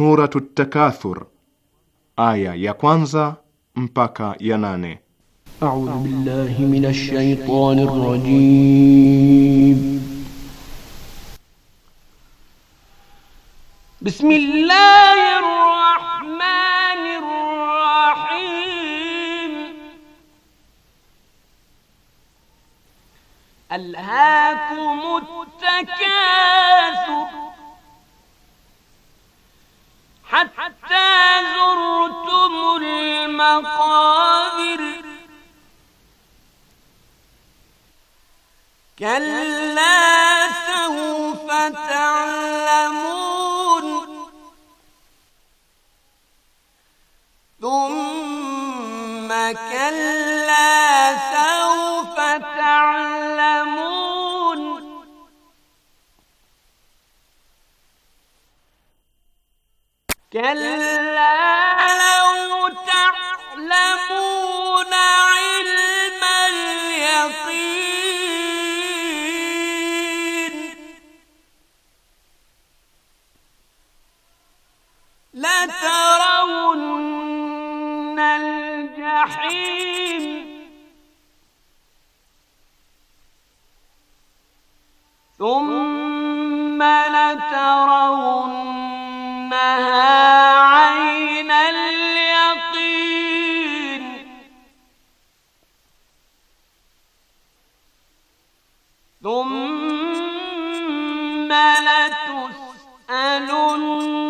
Suratu Takathur aya ya kwanza mpaka ya nane. A'udhu billahi minash shaitani rajim. Bismillahir rahmanir rahim. Alhaakumut takaathur زرتم المقابر كلا سوف تعلمون ثم كلا كلا لو تعلمون علم اليقين لترون الجحيم ثم لترون إنها عين اليقين ثم لتسألن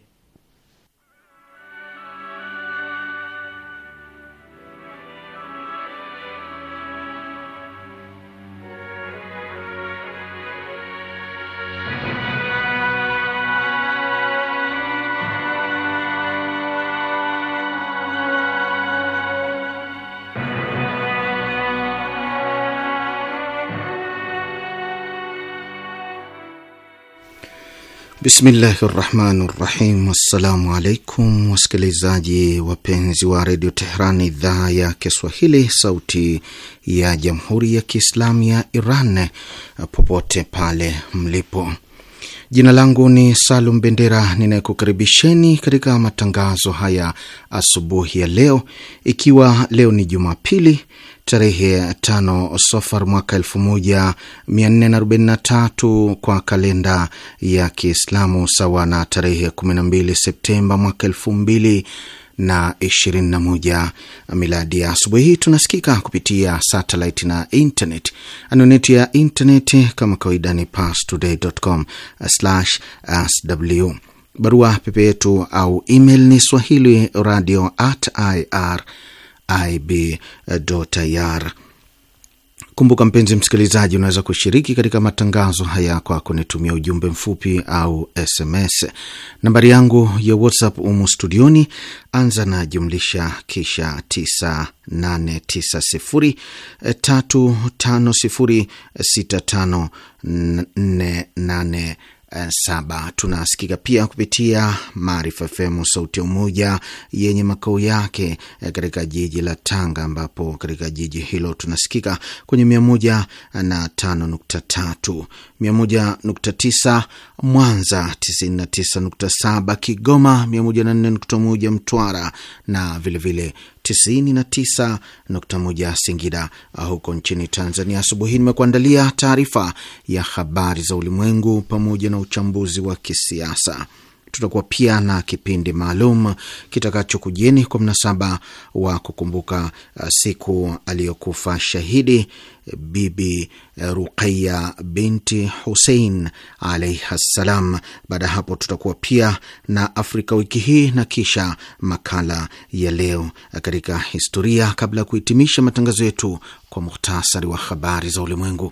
Bismillahi rahmani rahim. Assalamu alaikum wasikilizaji wapenzi wa redio Tehran, idhaa ya Kiswahili, sauti ya jamhuri ya Kiislamu ya Iran, popote pale mlipo. Jina langu ni Salum Bendera ninayekukaribisheni katika matangazo haya asubuhi ya leo, ikiwa leo ni Jumapili tarehe tano Sofar mwaka tatu kwa kalenda ya Kiislamu, sawa na tarehe 12 Septemba mwaka moja miladi. Asubuhi hii tunasikika kupitia satelit na internet. Anwani ya internet kama kawaida ni pastoday.com/sw barua pepe yetu au email ni swahili radio at ir IB.ir. Kumbuka mpenzi msikilizaji, unaweza kushiriki katika matangazo haya kwa kunitumia ujumbe mfupi au SMS. Nambari yangu ya WhatsApp umu studioni, anza na jumlisha kisha 989035065487 saba. Tunasikika pia kupitia Maarifa FM sauti ya Umoja yenye makao yake eh, katika jiji la Tanga, ambapo katika jiji hilo tunasikika kwenye mia moja na tano nukta tatu, mia moja nukta tisa Mwanza, tisini na tisa nukta saba Kigoma, mia moja na nne nukta moja Mtwara na vilevile 99.1 Singida. Uh, huko nchini Tanzania, asubuhi nimekuandalia taarifa ya habari za ulimwengu pamoja na uchambuzi wa kisiasa tutakuwa pia na kipindi maalum kitakachokujieni kwa mnasaba wa kukumbuka uh, siku aliyokufa shahidi Bibi uh, Ruqaya binti Husein alaihi ssalam. Baada ya hapo, tutakuwa pia na Afrika wiki hii na kisha makala ya leo uh, katika historia, kabla ya kuhitimisha matangazo yetu kwa muhtasari wa habari za ulimwengu.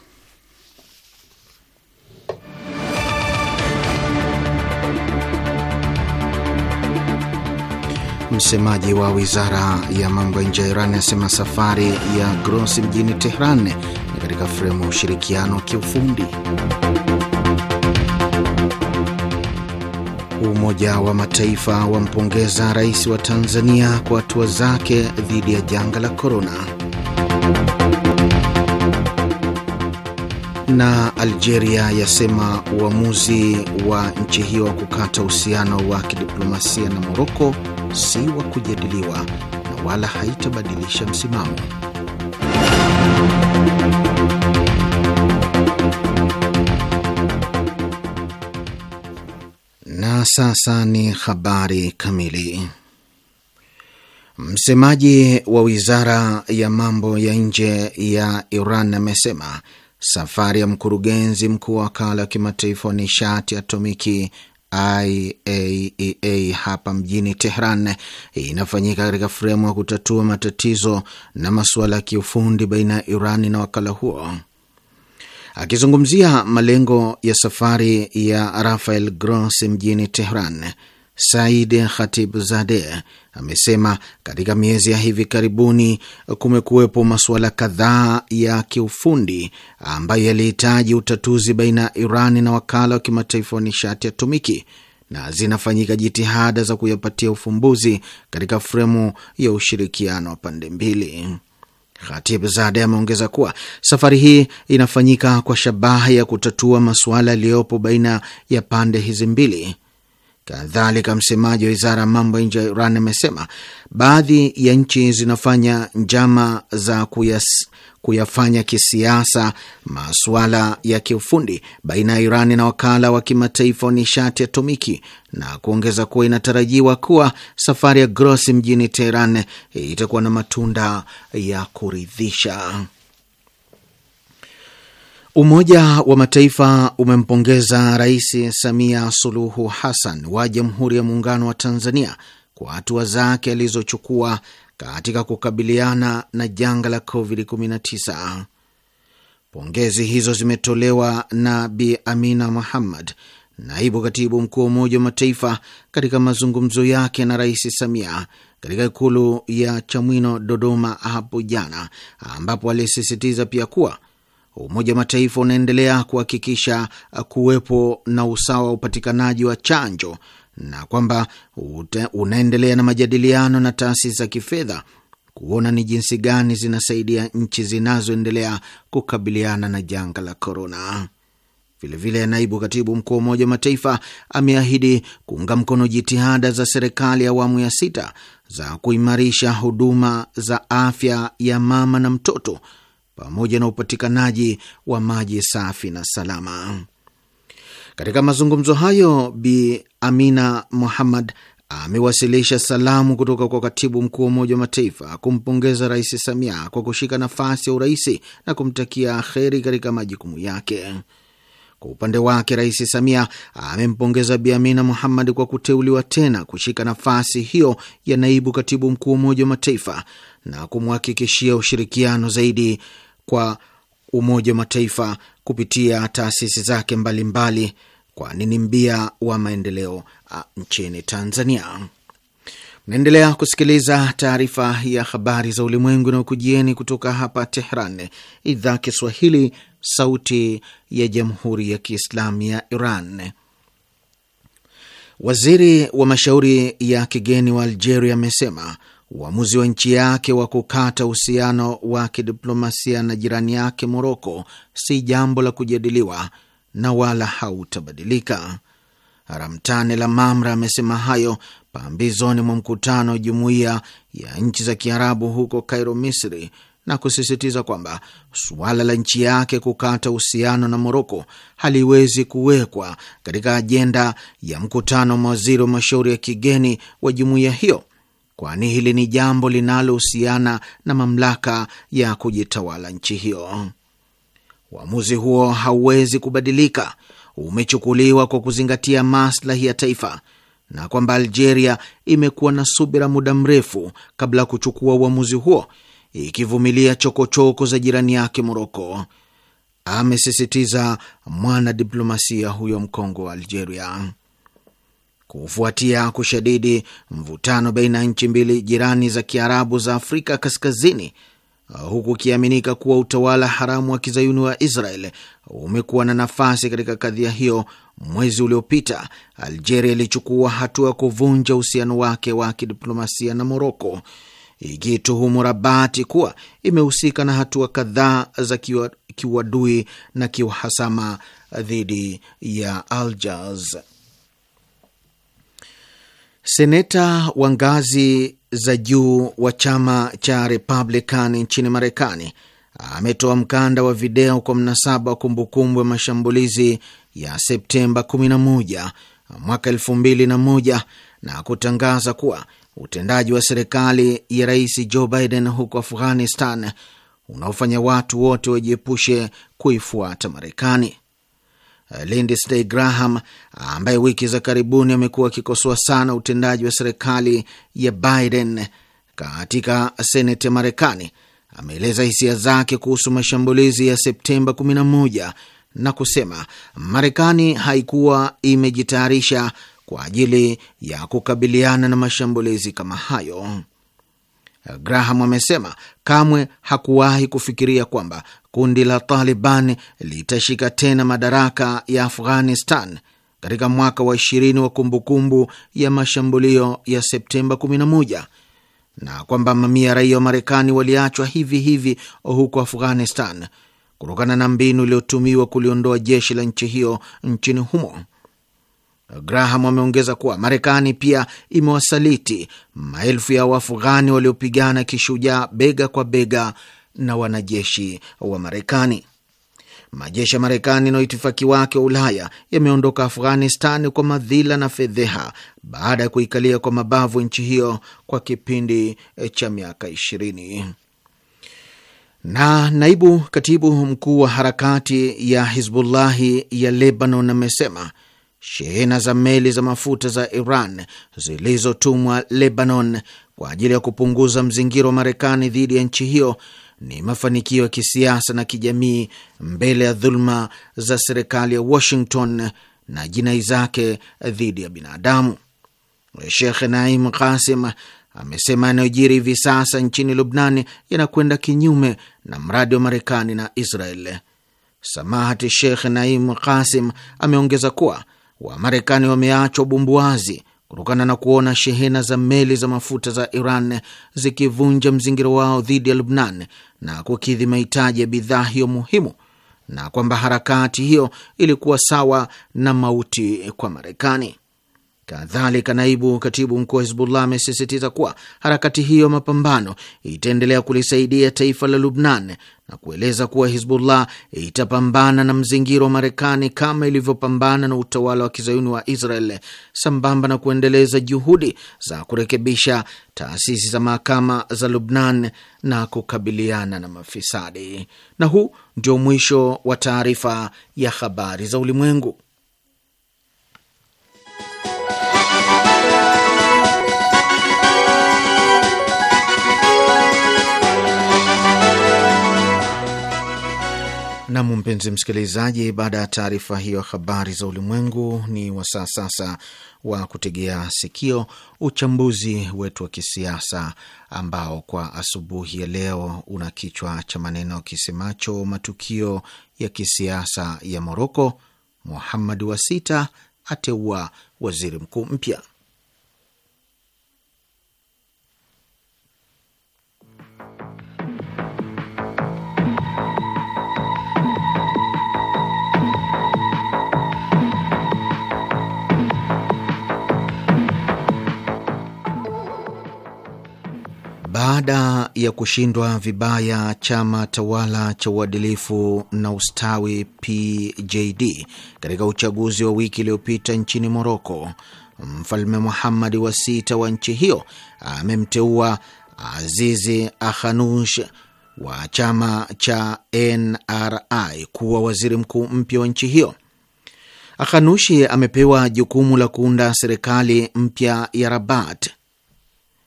Msemaji wa wizara ya mambo ya nje ya Iran asema safari ya Grossi mjini Tehran ni katika fremu ya ushirikiano wa kiufundi. Umoja wa Mataifa wampongeza rais wa Tanzania kwa hatua zake dhidi ya janga la korona. Na Algeria yasema uamuzi wa nchi hiyo wa kukata uhusiano wa kidiplomasia na Moroko si wa kujadiliwa na wala haitabadilisha msimamo. Na sasa ni habari kamili. Msemaji wa wizara ya mambo ya nje ya Iran amesema safari ya mkurugenzi mkuu wa wakala wa kimataifa wa nishati atomiki IAEA e hapa mjini Tehran inafanyika katika fremu ya kutatua matatizo na masuala ya kiufundi baina ya Iran na wakala huo. Akizungumzia malengo ya safari ya Rafael Grossi mjini Tehran, Said zade amesema katika miezi ya hivi karibuni kumekuwepo masuala kadhaa ya kiufundi ambayo yalihitaji utatuzi baina ya Iran na wakala wa kimataifa wa nishati ya tumiki na zinafanyika jitihada za kuyapatia ufumbuzi katika fremu ya ushirikiano wa pande mbili. Khatib Zade ameongeza kuwa safari hii inafanyika kwa shabaha ya kutatua masuala yaliyopo baina ya pande hizi mbili Kadhalika, msemaji wa wizara ya mambo ya nje ya Iran amesema baadhi ya nchi zinafanya njama za kuyas, kuyafanya kisiasa masuala ya kiufundi baina ya Iran na wakala wa kimataifa wa nishati atomiki na kuongeza kuwa inatarajiwa kuwa safari ya Grossi mjini Teheran itakuwa na matunda ya kuridhisha. Umoja wa Mataifa umempongeza Rais Samia Suluhu Hassan wa Jamhuri ya Muungano wa Tanzania kwa hatua zake alizochukua katika kukabiliana na janga la COVID-19. Pongezi hizo zimetolewa na Bi Amina Muhammad, naibu katibu mkuu wa Umoja wa Mataifa, katika mazungumzo yake na Rais Samia katika ikulu ya Chamwino, Dodoma hapo jana, ambapo alisisitiza pia kuwa Umoja wa Mataifa unaendelea kuhakikisha kuwepo na usawa wa upatikanaji wa chanjo na kwamba unaendelea na majadiliano na taasisi za kifedha kuona ni jinsi gani zinasaidia nchi zinazoendelea kukabiliana na janga la korona. Vilevile, naibu katibu mkuu wa Umoja wa Mataifa ameahidi kuunga mkono jitihada za serikali ya awamu ya sita za kuimarisha huduma za afya ya mama na mtoto pamoja na upatikanaji wa maji safi na salama. Katika mazungumzo hayo, Bi Amina Muhammad amewasilisha salamu kutoka kwa katibu mkuu wa Umoja wa Mataifa kumpongeza Rais Samia kwa kushika nafasi ya uraisi na kumtakia kheri katika majukumu yake. Kwa upande wake, Rais Samia amempongeza Bi Amina Muhammad kwa kuteuliwa tena kushika nafasi hiyo ya naibu katibu mkuu wa Umoja wa Mataifa na kumhakikishia ushirikiano zaidi kwa Umoja wa Mataifa kupitia taasisi zake mbalimbali, kwani ni mbia wa maendeleo nchini Tanzania. Mnaendelea kusikiliza taarifa ya habari za ulimwengu na ukujieni kutoka hapa Tehran, idhaa Kiswahili, sauti ya jamhuri ya kiislamu ya Iran. Waziri wa mashauri ya kigeni wa Algeria amesema uamuzi wa nchi yake wa kukata uhusiano wa kidiplomasia na jirani yake Moroko si jambo la kujadiliwa na wala hautabadilika. Ramtane la Mamra amesema hayo pambizoni mwa mkutano wa jumuiya ya nchi za Kiarabu huko cairo Misri, na kusisitiza kwamba suala la nchi yake kukata uhusiano na Moroko haliwezi kuwekwa katika ajenda ya mkutano wa mawaziri wa mashauri ya kigeni wa jumuiya hiyo kwani hili ni jambo linalohusiana na mamlaka ya kujitawala nchi hiyo. Uamuzi huo hauwezi kubadilika, umechukuliwa kwa kuzingatia maslahi ya taifa na kwamba Algeria imekuwa na subira muda mrefu kabla ya kuchukua uamuzi huo, ikivumilia chokochoko za jirani yake Moroko, amesisitiza mwanadiplomasia huyo mkongwe wa Algeria kufuatia kushadidi mvutano baina ya nchi mbili jirani za Kiarabu za Afrika Kaskazini, huku ukiaminika kuwa utawala haramu wa kizayuni wa Israel umekuwa na nafasi katika kadhia hiyo. Mwezi uliopita Algeria ilichukua hatua ya kuvunja uhusiano wake wa kidiplomasia na Moroko, ikituhumu Rabati kuwa imehusika na hatua kadhaa za kiuadui na kiuhasama dhidi ya Algiers. Seneta wa ngazi za juu wa chama cha Republican nchini Marekani ametoa mkanda wa video kwa mnasaba wa kumbukumbu ya mashambulizi ya Septemba 11 mwaka 2001 na kutangaza kuwa utendaji wa serikali ya Rais Joe Biden huko Afghanistan unaofanya watu wote wajiepushe kuifuata Marekani. Uh, Lindsey Graham uh, ambaye wiki za karibuni amekuwa akikosoa sana utendaji wa serikali ya Biden katika seneti ya Marekani ameeleza hisia zake kuhusu mashambulizi ya Septemba 11 na kusema Marekani haikuwa imejitayarisha kwa ajili ya kukabiliana na mashambulizi kama hayo. Uh, Graham amesema kamwe hakuwahi kufikiria kwamba kundi la Taliban litashika tena madaraka ya Afghanistan katika mwaka wa ishirini wa kumbukumbu ya mashambulio ya Septemba 11 na kwamba mamia ya raia wa Marekani waliachwa hivi hivi huko Afghanistan kutokana na mbinu iliyotumiwa kuliondoa jeshi la nchi hiyo nchini humo. Graham ameongeza kuwa Marekani pia imewasaliti maelfu ya Waafghani waliopigana kishujaa bega kwa bega na wanajeshi wa Marekani. Majeshi ya Marekani na uitifaki wake wa Ulaya yameondoka Afghanistan kwa madhila na fedheha baada ya kuikalia kwa mabavu nchi hiyo kwa kipindi eh, cha miaka ishirini. Na naibu katibu mkuu wa harakati ya Hizbullahi ya Lebanon amesema shehena za meli za mafuta za Iran zilizotumwa Lebanon kwa ajili ya kupunguza mzingiro wa Marekani dhidi ya nchi hiyo ni mafanikio ya kisiasa na kijamii mbele ya dhuluma za serikali ya Washington na jinai zake dhidi ya binadamu. Shekh Naim Kasim amesema yanayojiri hivi sasa nchini Lubnani yanakwenda kinyume na mradi wa Marekani na Israel. Samahati Shekh Naim Kasim ameongeza kuwa Wamarekani wameachwa bumbuazi kutokana na kuona shehena za meli za mafuta za Iran zikivunja mzingira wao dhidi ya Lubnan na kukidhi mahitaji ya bidhaa hiyo muhimu, na kwamba harakati hiyo ilikuwa sawa na mauti kwa Marekani. Kadhalika, naibu katibu mkuu wa Hizbullah amesisitiza kuwa harakati hiyo mapambano itaendelea kulisaidia taifa la Lubnan na kueleza kuwa Hizbullah itapambana na mzingiro wa Marekani kama ilivyopambana na utawala wa kizayuni wa Israel, sambamba na kuendeleza juhudi za kurekebisha taasisi za mahakama za Lubnan na kukabiliana na mafisadi. Na huu ndio mwisho wa taarifa ya habari za ulimwengu. Nam, mpenzi msikilizaji, baada ya taarifa hiyo habari za ulimwengu, ni wasaa sasa wa kutegea sikio uchambuzi wetu wa kisiasa ambao kwa asubuhi ya leo una kichwa cha maneno kisemacho matukio ya kisiasa ya Moroko, Muhammad wa sita ateua waziri mkuu mpya. Baada ya kushindwa vibaya chama tawala cha Uadilifu na Ustawi PJD katika uchaguzi wa wiki iliyopita nchini Moroko, Mfalme muhamadi wa sita wa nchi hiyo amemteua Azizi Akhanush wa chama cha NRI kuwa waziri mkuu mpya wa nchi hiyo. Akhanushi amepewa jukumu la kuunda serikali mpya ya Rabat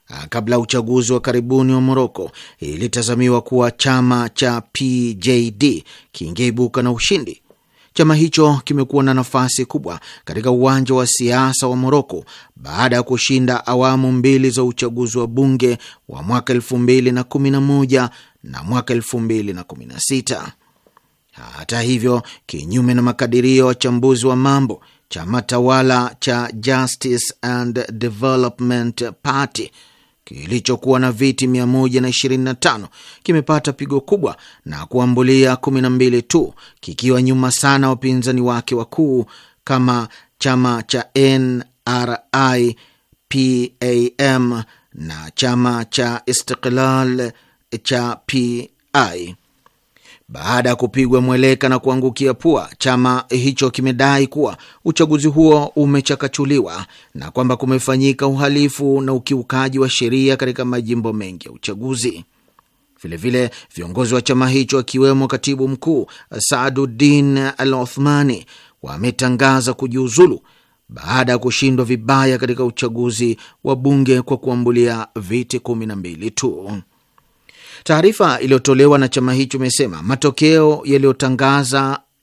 Ah, kabla ya uchaguzi wa karibuni wa Moroko ilitazamiwa kuwa chama cha PJD kingeibuka na ushindi. Chama hicho kimekuwa na nafasi kubwa katika uwanja wa siasa wa Moroko baada ya kushinda awamu mbili za uchaguzi wa bunge wa mwaka elfu mbili na kumi na moja na mwaka elfu mbili na kumi na sita. Hata hivyo, kinyume na makadirio ya wachambuzi wa mambo, chama tawala cha Justice and Development Party kilichokuwa na viti 125 kimepata pigo kubwa na kuambulia 12 tu kikiwa nyuma sana wapinzani wake wakuu kama chama cha NRI PAM na chama cha Istiqlal cha PI. Baada ya kupigwa mweleka na kuangukia pua, chama hicho kimedai kuwa uchaguzi huo umechakachuliwa na kwamba kumefanyika uhalifu na ukiukaji wa sheria katika majimbo mengi ya uchaguzi. Vilevile viongozi wa chama hicho akiwemo katibu mkuu Saaduddin Al Othmani wametangaza kujiuzulu baada ya kushindwa vibaya katika uchaguzi wa bunge kwa kuambulia viti kumi na mbili tu. Taarifa iliyotolewa na chama hicho imesema matokeo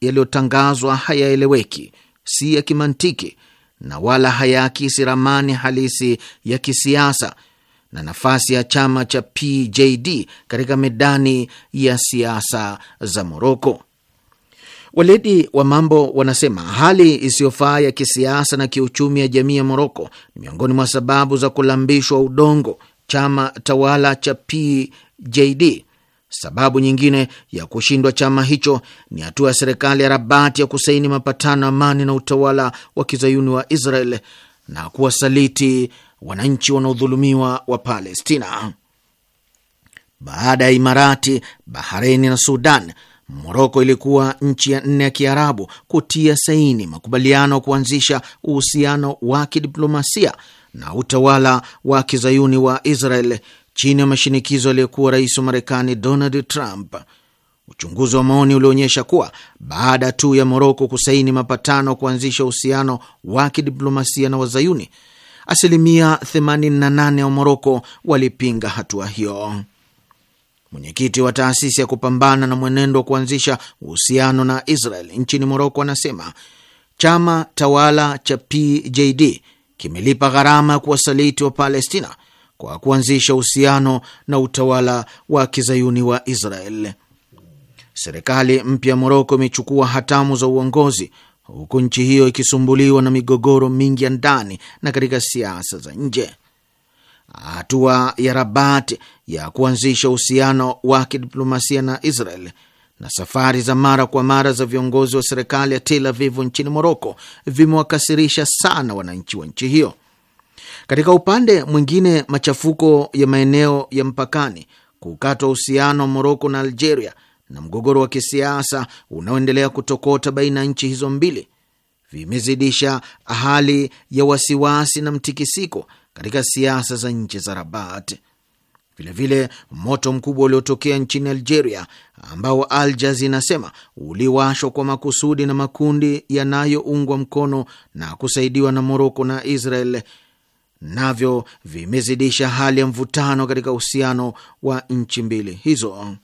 yaliyotangazwa hayaeleweki, si ya kimantiki na wala hayaakisi ramani halisi ya kisiasa na nafasi ya chama cha PJD katika medani ya siasa za Moroko. Weledi wa mambo wanasema hali isiyofaa ya kisiasa na kiuchumi ya jamii ya Moroko ni miongoni mwa sababu za kulambishwa udongo chama tawala cha P JD. Sababu nyingine ya kushindwa chama hicho ni hatua ya serikali ya Rabati ya kusaini mapatano amani na utawala wa kizayuni wa Israel na kuwasaliti wananchi wanaodhulumiwa wa Palestina. Baada ya Imarati, Bahareni na Sudan, Moroko ilikuwa nchi ya nne ya kiarabu kutia saini makubaliano ya kuanzisha uhusiano wa kidiplomasia na utawala wa kizayuni wa Israel chini ya mashinikizo aliyekuwa rais wa Marekani Donald Trump. Uchunguzi wa maoni ulionyesha kuwa baada tu ya Moroko kusaini mapatano kuanzisha uhusiano wa kidiplomasia na Wazayuni, asilimia 88 wa Moroko walipinga hatua hiyo. Mwenyekiti wa taasisi ya kupambana na mwenendo wa kuanzisha uhusiano na Israel nchini Moroko anasema chama tawala cha PJD kimelipa gharama ya kuwasaliti wa Palestina kwa kuanzisha uhusiano na utawala wa kizayuni wa Israel. Serikali mpya ya Moroko imechukua hatamu za uongozi huku nchi hiyo ikisumbuliwa na migogoro mingi ya ndani na katika siasa za nje. Hatua ya Rabat ya kuanzisha uhusiano wa kidiplomasia na Israel na safari za mara kwa mara za viongozi wa serikali ya Tel Avivu nchini Moroko vimewakasirisha sana wananchi wa nchi hiyo. Katika upande mwingine, machafuko ya maeneo ya mpakani, kukatwa uhusiano wa Moroko na Algeria na mgogoro wa kisiasa unaoendelea kutokota baina ya nchi hizo mbili vimezidisha hali ya wasiwasi na mtikisiko katika siasa za nchi za Rabat. Vilevile, moto mkubwa uliotokea nchini Algeria ambao aljaz inasema uliwashwa kwa makusudi na makundi yanayoungwa mkono na kusaidiwa na Moroko na Israel navyo vimezidisha hali ya mvutano katika uhusiano wa nchi mbili hizo.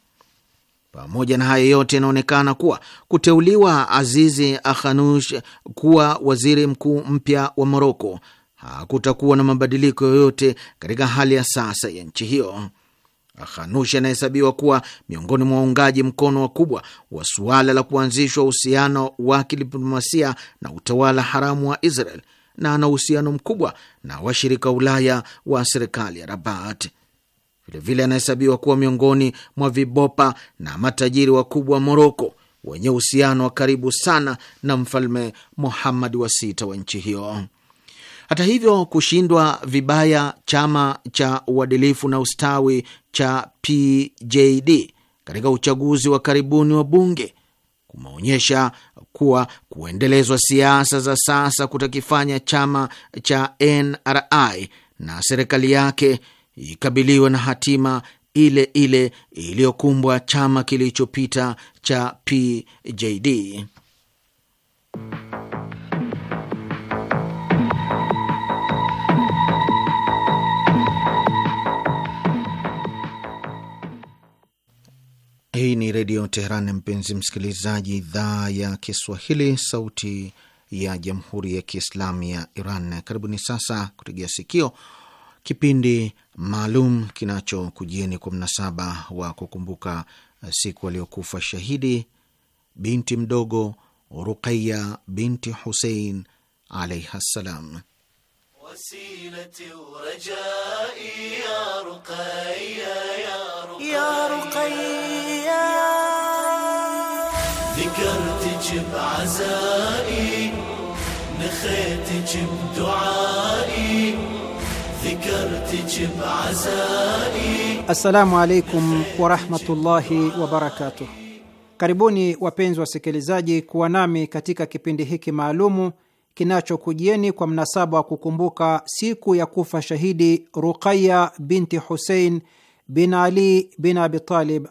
Pamoja na haya yote, inaonekana kuwa kuteuliwa Azizi Akhanush kuwa waziri mkuu mpya wa Moroko hakutakuwa na mabadiliko yoyote katika hali ya sasa ya nchi hiyo. Akhanush anahesabiwa kuwa miongoni mwa waungaji mkono wakubwa wa suala la kuanzishwa uhusiano wa kidiplomasia na utawala haramu wa Israel na ana uhusiano mkubwa na washirika Ulaya wa serikali ya Rabat. Vilevile anahesabiwa kuwa miongoni mwa vibopa na matajiri wakubwa wa Moroko wenye uhusiano wa karibu sana na mfalme Muhammad wa sita wa nchi hiyo. Hata hivyo, kushindwa vibaya chama cha uadilifu na ustawi cha PJD katika uchaguzi wa karibuni wa bunge kumeonyesha kuwa kuendelezwa siasa za sasa kutakifanya chama cha NRI na serikali yake ikabiliwe na hatima ile ile iliyokumbwa chama kilichopita cha PJD. Hii ni Redio Teheran, mpenzi msikilizaji, idhaa ya Kiswahili, sauti ya Jamhuri ya Kiislamu ya Iran. Karibuni sasa kutegea sikio kipindi maalum kinachokujieni kwa mnasaba wa kukumbuka siku aliyokufa shahidi binti mdogo Ruqaya binti Husein alaihi ssalam. بعزائي نخيتك بدعائي ذكرتك بعزائي السلام عليكم ورحمة الله وبركاته Karibuni wapenzi wasikilizaji, kuwa nami katika kipindi hiki maalumu kinachokujieni kwa mnasaba wa kukumbuka siku ya kufa shahidi Ruqaya binti Husein bin Ali bin Abi Talib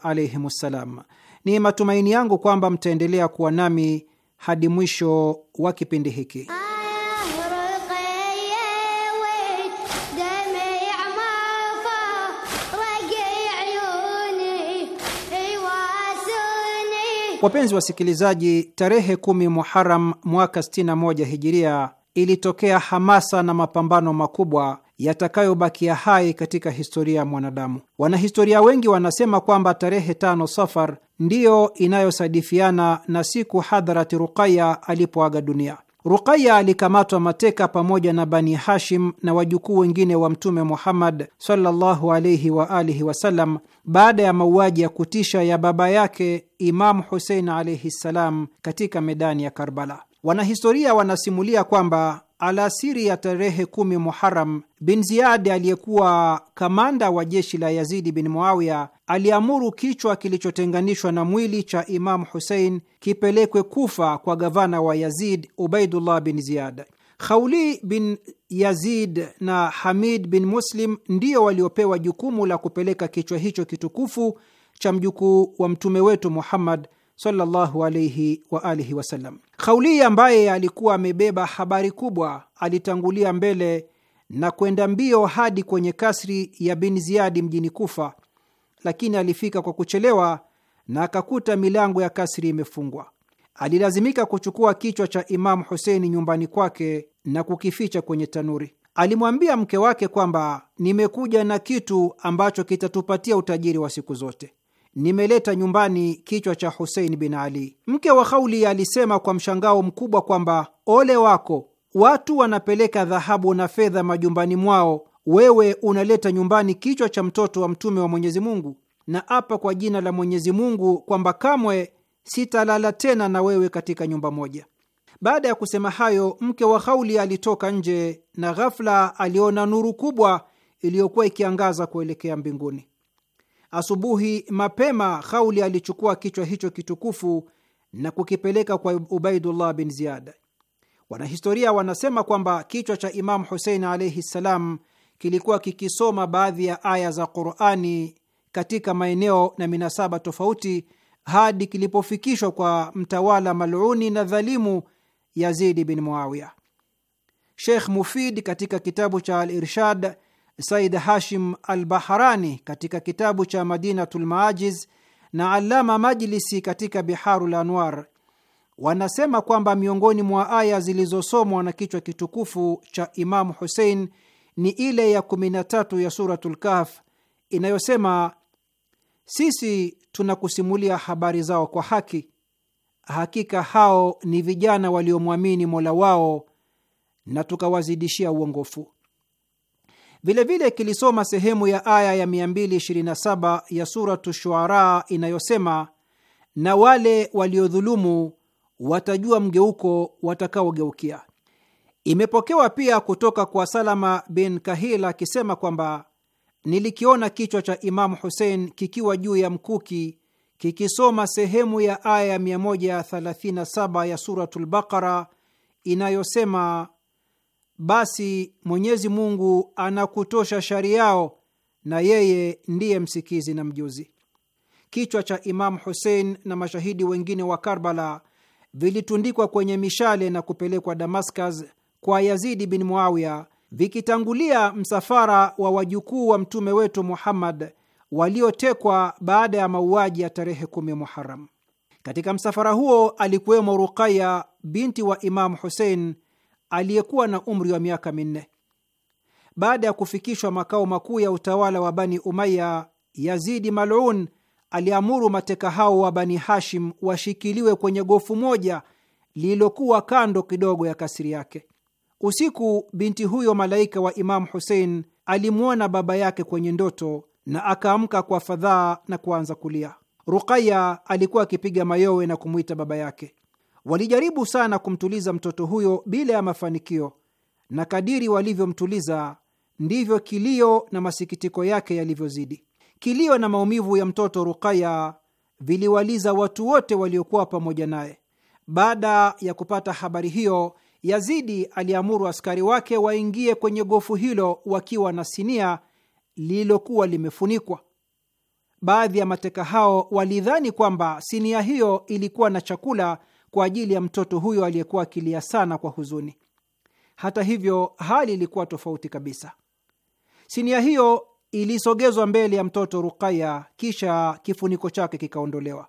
ssalam. Ni matumaini yangu kwamba mtaendelea kuwa nami hadi mwisho wa kipindi hiki. Wapenzi wasikilizaji, tarehe kumi Muharam mwaka 61 hijiria ilitokea hamasa na mapambano makubwa yatakayobakia hai katika historia ya mwanadamu. Wanahistoria wengi wanasema kwamba tarehe tano Safar ndiyo inayosadifiana na siku Hadhrati Ruqaya alipoaga dunia. Ruqaya alikamatwa mateka pamoja na Bani Hashim na wajukuu wengine wa Mtume Muhammad sallallahu alaihi wa alihi wasallam baada ya mauaji ya kutisha ya baba yake Imamu Husein alaihi ssalam katika medani ya Karbala. Wanahistoria wanasimulia kwamba alasiri ya tarehe kumi Muharam, bin Ziyadi aliyekuwa kamanda wa jeshi la Yazidi bin Muawiya aliamuru kichwa kilichotenganishwa na mwili cha Imamu Husein kipelekwe Kufa kwa gavana wa Yazid Ubaidullah bin Ziyad. Khauli bin Yazid na Hamid bin Muslim ndio waliopewa jukumu la kupeleka kichwa hicho kitukufu cha mjukuu wa mtume wetu Muhammad sallallahu wa alihi wasallam. ambaye alikuwa amebeba habari kubwa alitangulia mbele na kwenda mbio hadi kwenye kasri ya Bin Ziyadi mjini Kufa, lakini alifika kwa kuchelewa na akakuta milango ya kasri imefungwa. Alilazimika kuchukua kichwa cha Imamu Huseini nyumbani kwake na kukificha kwenye tanuri. Alimwambia mke wake kwamba nimekuja na kitu ambacho kitatupatia utajiri wa siku zote nimeleta nyumbani kichwa cha Husein bin Ali. Mke wa Khawli alisema kwa mshangao mkubwa kwamba ole wako, watu wanapeleka dhahabu na fedha majumbani mwao, wewe unaleta nyumbani kichwa cha mtoto wa mtume wa Mwenyezi Mungu. Na apa kwa jina la Mwenyezi Mungu kwamba kamwe sitalala tena na wewe katika nyumba moja. Baada ya kusema hayo, mke wa Khawli alitoka nje na ghafla aliona nuru kubwa iliyokuwa ikiangaza kuelekea mbinguni. Asubuhi mapema, Khauli alichukua kichwa hicho kitukufu na kukipeleka kwa Ubaidullah bin Ziyad. Wanahistoria wanasema kwamba kichwa cha Imamu Husein alaihi ssalam kilikuwa kikisoma baadhi ya aya za Qurani katika maeneo na minasaba tofauti hadi kilipofikishwa kwa mtawala maluni na dhalimu Yazidi bin Muawiya. Sheikh Mufid katika kitabu cha Al Irshad Said Hashim al Baharani katika kitabu cha Madinatul Maajiz na Alama Majlisi katika Biharul Anwar wanasema kwamba miongoni mwa aya zilizosomwa na kichwa kitukufu cha Imamu Husein ni ile ya 13 ya Suratul Kahf inayosema, sisi tunakusimulia habari zao kwa haki, hakika hao ni vijana waliomwamini mola wao na tukawazidishia uongofu. Vilevile kilisoma sehemu ya aya ya 227 ya Suratu Shuara inayosema, na wale waliodhulumu watajua mgeuko watakaogeukia. Imepokewa pia kutoka kwa Salama bin kahil akisema kwamba nilikiona kichwa cha Imamu Husein kikiwa juu ya mkuki kikisoma sehemu ya aya ya 137 ya Suratul Baqara inayosema basi Mwenyezi Mungu anakutosha shari yao na yeye ndiye msikizi na mjuzi. Kichwa cha Imamu Husein na mashahidi wengine wa Karbala vilitundikwa kwenye mishale na kupelekwa Damascus kwa Yazidi bin Muawiya, vikitangulia msafara wa wajukuu wa mtume wetu Muhammad waliotekwa baada ya mauaji ya tarehe kumi Muharam. Katika msafara huo alikuwemo Ruqaya binti wa Imamu Husein aliyekuwa na umri wa miaka minne. Baada ya kufikishwa makao makuu ya utawala wa Bani Umaya, Yazidi Malun aliamuru mateka hao wa Bani Hashim washikiliwe kwenye gofu moja lililokuwa kando kidogo ya kasri yake. Usiku binti huyo malaika wa Imamu Husein alimwona baba yake kwenye ndoto na akaamka kwa fadhaa na kuanza kulia. Ruqaya alikuwa akipiga mayowe na kumwita baba yake. Walijaribu sana kumtuliza mtoto huyo bila ya mafanikio, na kadiri walivyomtuliza ndivyo kilio na masikitiko yake yalivyozidi. Kilio na maumivu ya mtoto Rukaya viliwaliza watu wote waliokuwa pamoja naye. Baada ya kupata habari hiyo, Yazidi aliamuru askari wake waingie kwenye gofu hilo wakiwa na sinia lililokuwa limefunikwa. Baadhi ya mateka hao walidhani kwamba sinia hiyo ilikuwa na chakula kwa ajili ya mtoto huyo aliyekuwa akilia sana kwa huzuni. Hata hivyo, hali ilikuwa tofauti kabisa. Sinia hiyo ilisogezwa mbele ya mtoto Ruqaya, kisha kifuniko chake kikaondolewa.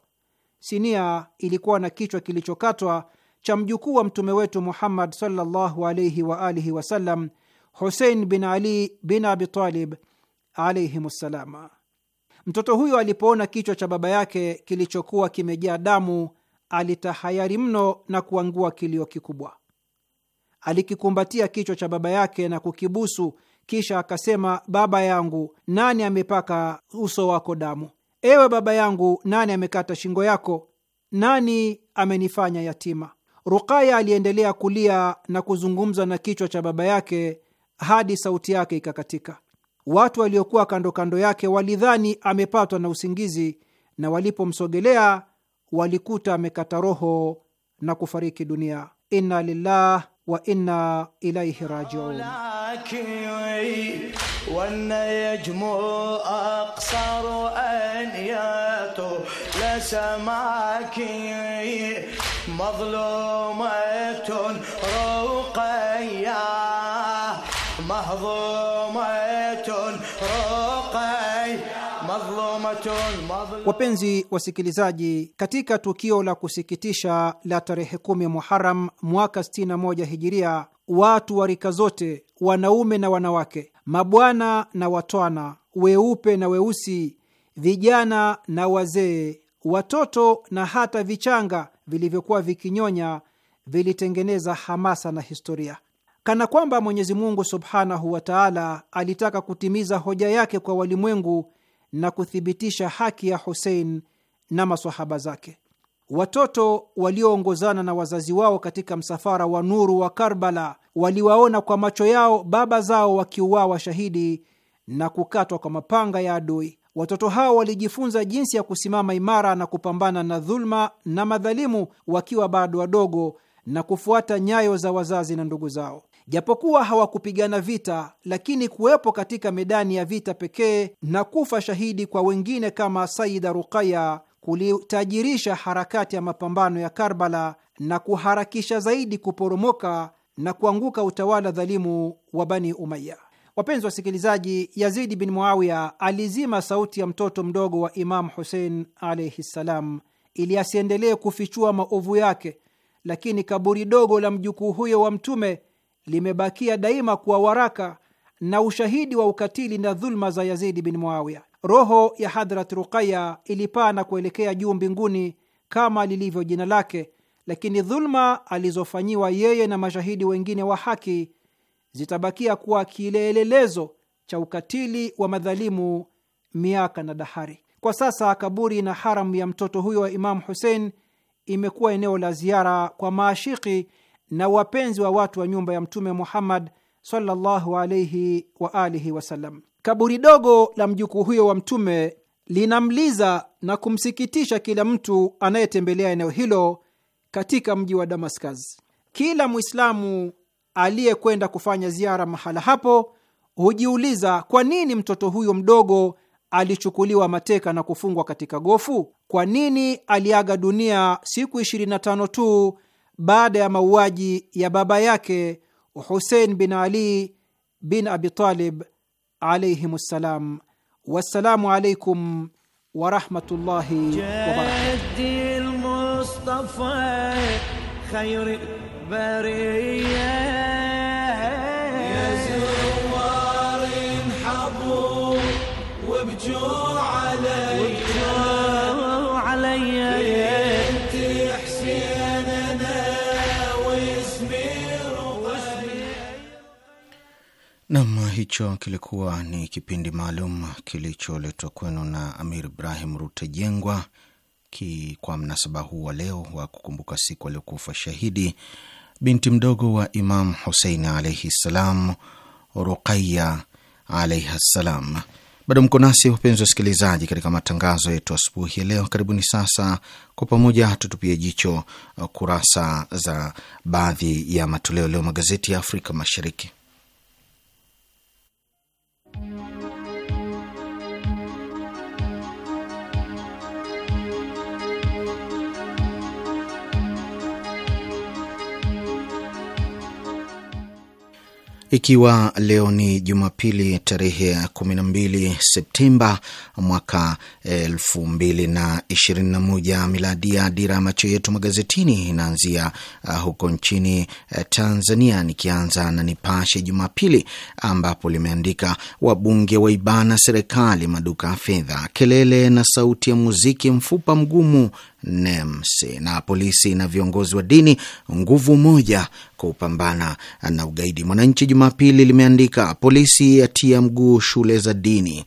Sinia ilikuwa na kichwa kilichokatwa cha mjukuu wa mtume wetu Muhammad sallallahu alaihi wa alihi wasallam, Husein bin Ali bin Abitalib alaihimssalama. Mtoto huyo alipoona kichwa cha baba yake kilichokuwa kimejaa damu alitahayari mno na kuangua kilio kikubwa. Alikikumbatia kichwa cha baba yake na kukibusu, kisha akasema, baba yangu, nani amepaka uso wako damu? Ewe baba yangu, nani amekata shingo yako? Nani amenifanya yatima? Rukaya aliendelea kulia na kuzungumza na kichwa cha baba yake hadi sauti yake ikakatika. Watu waliokuwa kando kando yake walidhani amepatwa na usingizi, na walipomsogelea walikuta amekata roho na kufariki dunia. Inna lillah wa inna ilaihi rajiun. مظلومة رقية محظوظ Wapenzi wasikilizaji, katika tukio la kusikitisha la tarehe kumi Muharam mwaka 61 Hijiria, watu wa rika zote, wanaume na wanawake, mabwana na watwana, weupe na weusi, vijana na wazee, watoto na hata vichanga vilivyokuwa vikinyonya vilitengeneza hamasa na historia, kana kwamba Mwenyezi Mungu subhanahu wa taala alitaka kutimiza hoja yake kwa walimwengu na kuthibitisha haki ya Husein na masahaba zake. Watoto walioongozana na wazazi wao katika msafara wa nuru wa Karbala waliwaona kwa macho yao baba zao wakiuawa shahidi na kukatwa kwa mapanga ya adui. Watoto hao walijifunza jinsi ya kusimama imara na kupambana na dhuluma na madhalimu wakiwa bado wadogo na kufuata nyayo za wazazi na ndugu zao. Japokuwa hawakupigana vita, lakini kuwepo katika medani ya vita pekee na kufa shahidi kwa wengine kama Sayida Ruqaya kulitajirisha harakati ya mapambano ya Karbala na kuharakisha zaidi kuporomoka na kuanguka utawala dhalimu wa Bani Umaya. Wapenzi wasikilizaji, Yazidi bin Muawiya alizima sauti ya mtoto mdogo wa Imamu Husein alaihi ssalam, ili asiendelee kufichua maovu yake, lakini kaburi dogo la mjukuu huyo wa Mtume limebakia daima kuwa waraka na ushahidi wa ukatili na dhulma za Yazidi bin Muawiya. Roho ya Hadrat Ruqaya ilipaa na kuelekea juu mbinguni kama lilivyo jina lake, lakini dhulma alizofanyiwa yeye na mashahidi wengine wa haki zitabakia kuwa kielelezo cha ukatili wa madhalimu miaka na dahari. Kwa sasa kaburi na haramu ya mtoto huyo wa Imamu Husein imekuwa eneo la ziara kwa maashiki na wapenzi wa watu wa nyumba ya Mtume Muhammad sallallahu alaihi wa alihi wasallam. Kaburi dogo la mjukuu huyo wa Mtume linamliza na kumsikitisha kila mtu anayetembelea eneo hilo katika mji wa Damascus. Kila Mwislamu aliyekwenda kufanya ziara mahala hapo hujiuliza kwa nini mtoto huyo mdogo alichukuliwa mateka na kufungwa katika gofu? Kwa nini aliaga dunia siku 25 tu baada ya mauaji ya baba yake Husein bin Ali bin Abi Talib alaihim ssalam. Wassalamu alaikum warahmatullahi wabarakatuh. Nam, hicho kilikuwa ni kipindi maalum kilicholetwa kwenu na Amir Ibrahim Rutajengwa kwa mnasaba huu wa leo wa kukumbuka siku aliyokufa shahidi binti mdogo wa Imam Husein alaihi ssalam, Ruqaya alaihi ssalam. Bado mko nasi wapenzi wasikilizaji, katika matangazo yetu asubuhi ya leo. Karibuni sasa, kwa pamoja tutupie jicho kurasa za baadhi ya matoleo leo magazeti ya Afrika Mashariki. Thank you. Ikiwa leo ni Jumapili tarehe ya 12 Septemba mwaka miladi miladia, dira ya macho yetu magazetini inaanzia uh, huko nchini uh, Tanzania, nikianza na Nipashe Jumapili ambapo limeandika wabunge waibana serikali, maduka ya fedha, kelele na sauti ya muziki, mfupa mgumu NEMS na polisi na viongozi wa dini nguvu moja kupambana na ugaidi. Mwananchi Jumapili limeandika polisi yatia mguu shule za dini.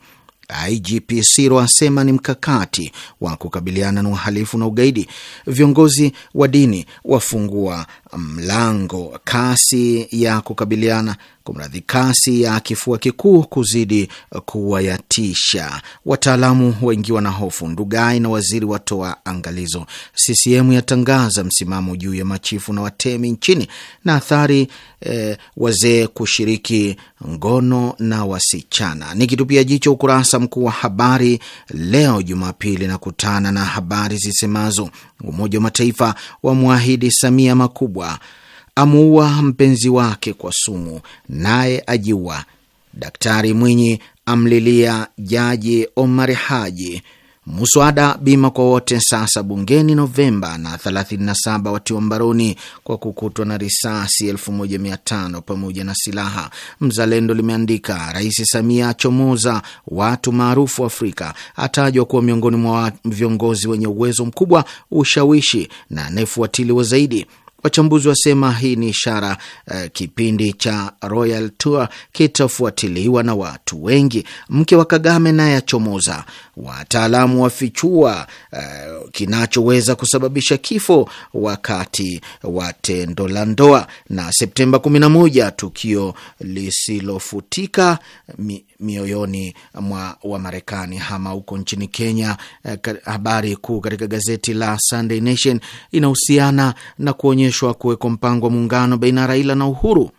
IGP Siro asema ni mkakati wa kukabiliana na uhalifu na ugaidi. Viongozi wa dini wafungua mlango, kasi ya kukabiliana kumradhi, kasi ya kifua kikuu kuzidi kuwayatisha wataalamu waingiwa na hofu, Ndugai na waziri watoa angalizo, CCM yatangaza msimamo juu ya machifu na watemi nchini, na athari eh, wazee kushiriki ngono na wasichana. ni kitupia jicho ukurasa mkuu wa habari leo Jumapili na kutana na habari zisemazo Umoja wa Mataifa wamwahidi Samia makubwa, amuua mpenzi wake kwa sumu, naye ajiua. Daktari Mwinyi amlilia Jaji Omar Haji Muswada bima kwa wote sasa bungeni Novemba na 37 watiwa mbaroni kwa kukutwa na risasi 1500 pamoja na silaha. Mzalendo limeandika Rais Samia achomoza watu maarufu Afrika, atajwa kuwa miongoni mwa viongozi wenye uwezo mkubwa, ushawishi na anayefuatiliwa zaidi. Wachambuzi wasema hii ni ishara uh, kipindi cha Royal Tour kitafuatiliwa na watu wengi. Mke wa Kagame naye achomoza. Wataalamu wafichua uh, kinachoweza kusababisha kifo wakati wa tendo la ndoa. Na Septemba 11 tukio lisilofutika mi, mioyoni mwa Wamarekani. Hama huko nchini Kenya, eh, habari kuu katika gazeti la Sunday Nation inahusiana na kuonyeshwa kuwekwa mpango wa muungano baina ya Raila na Uhuru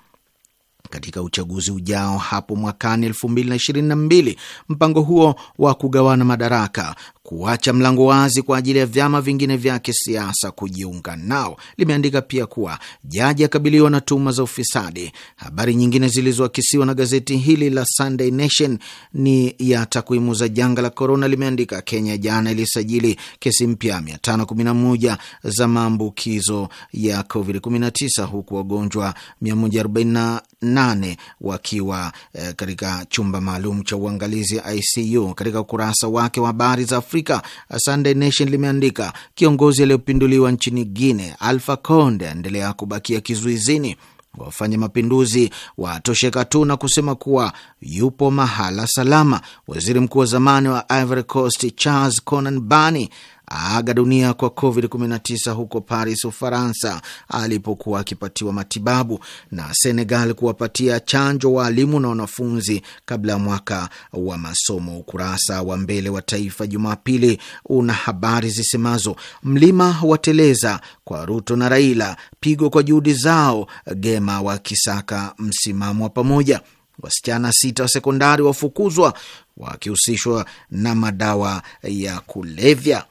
katika uchaguzi ujao hapo mwakani elfu mbili na ishirini na mbili. Mpango huo wa kugawana madaraka kuacha mlango wazi kwa ajili ya vyama vingine vya kisiasa kujiunga nao. Limeandika pia kuwa jaji akabiliwa na tuhuma za ufisadi. Habari nyingine zilizoakisiwa na gazeti hili la Sunday Nation ni ya takwimu za janga la korona. Limeandika Kenya jana ilisajili kesi mpya 511 za maambukizo ya COVID-19 huku wagonjwa 148 wakiwa eh, katika chumba maalum cha uangalizi ICU. Katika ukurasa wake wa habari za Afrika Afrika, Sunday Nation limeandika kiongozi aliyopinduliwa nchini Guine Alpha Conde aendelea kubakia kizuizini. Wafanya mapinduzi watosheka tu na kusema kuwa yupo mahala salama. Waziri mkuu wa zamani wa Ivory Coast Charles Conan barny aaga dunia kwa COVID-19 huko Paris, Ufaransa, alipokuwa akipatiwa matibabu na Senegal kuwapatia chanjo waalimu na wanafunzi kabla ya mwaka wa masomo. Ukurasa wa mbele wa Taifa Jumapili una habari zisemazo mlima wateleza kwa Ruto na Raila, pigo kwa juhudi zao, Gema wakisaka msimamo wa pamoja, wasichana sita wa sekondari wafukuzwa wakihusishwa na madawa ya kulevya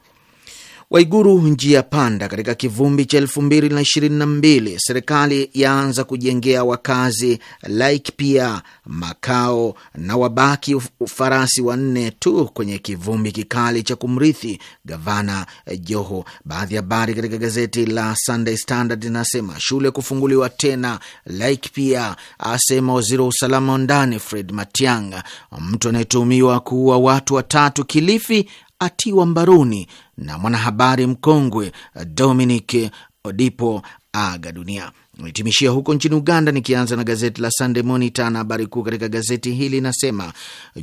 Waiguru njia panda katika kivumbi cha elfu mbili na ishirini na mbili. Serikali yaanza kujengea wakazi Laik pia makao na wabaki farasi wanne tu kwenye kivumbi kikali cha kumrithi gavana Joho. Baadhi ya habari katika gazeti la Sunday Standard inasema shule kufunguliwa tena Laik pia, asema waziri wa usalama wa ndani Fred Matiang'a. Mtu anayetuhumiwa kuua watu watatu Kilifi atiwa mbaroni na mwanahabari mkongwe eh, Dominic Odipo aga dunia. Nitimishia huko nchini Uganda, nikianza na gazeti la Sunday Monitor na habari kuu katika gazeti hili inasema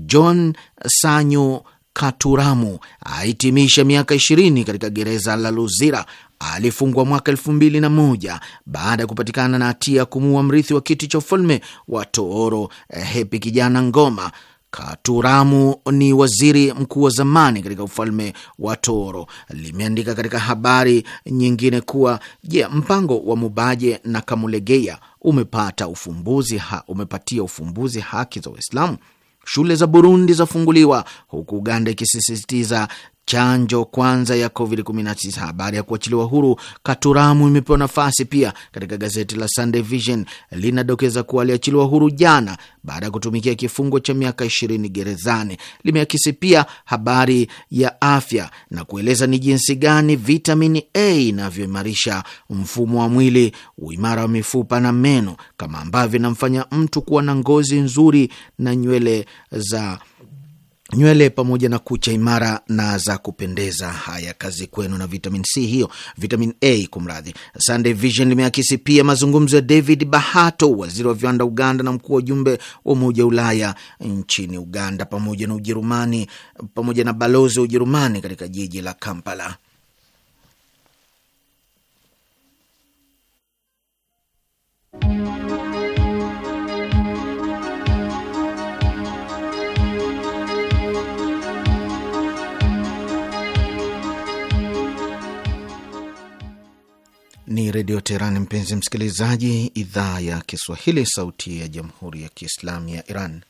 John Sanyu Katuramu ahitimisha miaka ishirini katika gereza la Luzira. Alifungwa mwaka elfu mbili na moja baada ya kupatikana na hatia ya kumuua mrithi wa kiti cha ufalme wa Tooro Hepi eh, kijana Ngoma Katuramu ni waziri mkuu wa zamani katika ufalme wa Toro, limeandika katika habari nyingine kuwa je, mpango wa Mubaje na Kamulegeya umepata ufumbuzi ha, umepatia ufumbuzi haki za Waislamu. Shule za Burundi zafunguliwa huku Uganda ikisisitiza chanjo kwanza ya COVID-19. Habari ya kuachiliwa huru Katuramu imepewa nafasi pia katika gazeti la Sunday Vision. Linadokeza kuwa aliachiliwa huru jana baada ya kutumikia kifungo cha miaka ishirini gerezani. Limeakisi pia habari ya afya na kueleza ni jinsi gani vitamini A inavyoimarisha mfumo wa mwili, uimara wa mifupa na meno, kama ambavyo inamfanya mtu kuwa na ngozi nzuri na nywele za nywele pamoja na kucha imara na za kupendeza. Haya, kazi kwenu na vitamin C hiyo, vitamin A kumradhi. Sunday Vision limeakisi pia mazungumzo ya David Bahato, waziri wa viwanda Uganda na mkuu wa ujumbe wa Umoja wa Ulaya nchini Uganda pamoja na Ujerumani, pamoja na balozi wa Ujerumani katika jiji la Kampala. ni Redio Teheran. Mpenzi msikilizaji, idhaa ya Kiswahili, sauti ya jamhuri ya kiislamu ya Iran.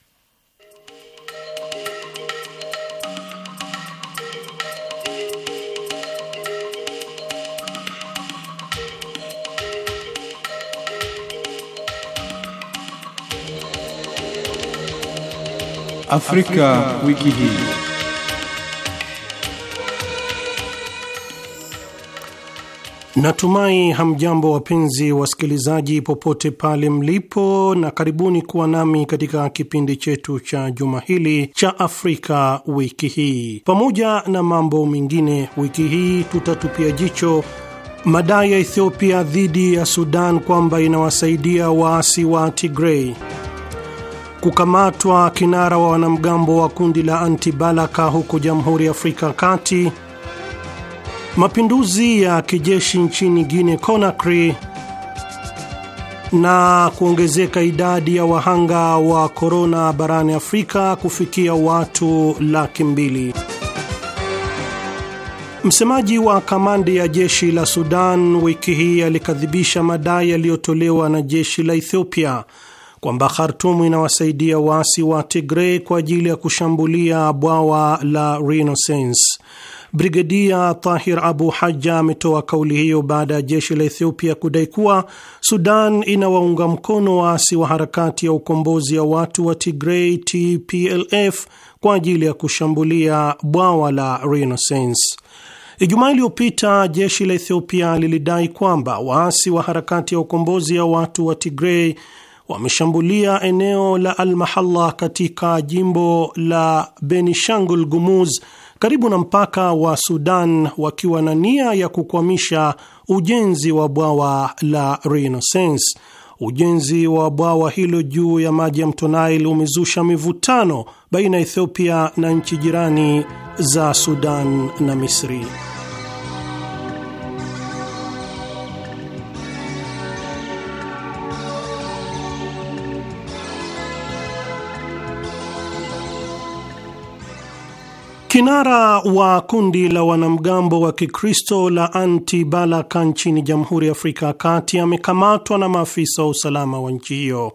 Afrika, Afrika wiki hii. Natumai hamjambo wapenzi wasikilizaji, popote pale mlipo, na karibuni kuwa nami katika kipindi chetu cha juma hili cha Afrika wiki hii. Pamoja na mambo mengine, wiki hii tutatupia jicho madai ya Ethiopia dhidi ya Sudan kwamba inawasaidia waasi wa Tigrei, kukamatwa kinara wa wanamgambo wa kundi la antibalaka huko Jamhuri ya Afrika Kati, mapinduzi ya kijeshi nchini Guinea Conakry na kuongezeka idadi ya wahanga wa korona barani Afrika kufikia watu laki mbili. Msemaji wa kamandi ya jeshi la Sudan wiki hii alikadhibisha madai yaliyotolewa na jeshi la Ethiopia kwamba khartumu inawasaidia waasi wa tigrei kwa ajili ya kushambulia bwawa la Renaissance. Brigedia Tahir Abu Haja ametoa kauli hiyo baada ya jeshi la Ethiopia kudai kuwa Sudan inawaunga mkono waasi wa harakati ya ukombozi ya watu wa Tigrei TPLF kwa ajili ya kushambulia bwawa la Renaissance. Ijumaa iliyopita jeshi la Ethiopia lilidai kwamba waasi wa harakati ya ukombozi ya watu wa Tigrei wameshambulia eneo la Almahalla katika jimbo la Benishangul Gumuz karibu na mpaka wa Sudan wakiwa na nia ya kukwamisha ujenzi wa bwawa la Renaissance. Ujenzi wa bwawa hilo juu ya maji ya mto Nile umezusha mivutano baina ya Ethiopia na nchi jirani za Sudan na Misri. Kinara wa kundi la wanamgambo wa Kikristo la Anti-Balaka nchini Jamhuri ya Afrika ya Kati amekamatwa na maafisa wa usalama wa nchi hiyo.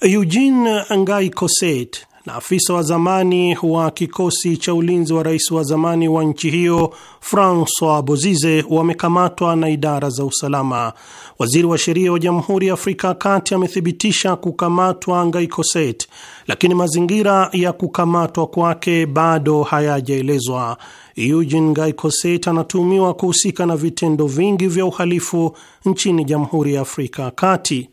Eugene Ngai Koset na afisa wa zamani wa kikosi cha ulinzi wa rais wa zamani wa nchi hiyo Francois Bozize wamekamatwa na idara za usalama. Waziri wa sheria wa Jamhuri ya Afrika ya Kati amethibitisha kukamatwa Ngai lakini mazingira ya kukamatwa kwake bado hayajaelezwa. Eugene Ngai Koset anatuhumiwa kuhusika na vitendo vingi vya uhalifu nchini Jamhuri ya Afrika ya Kati.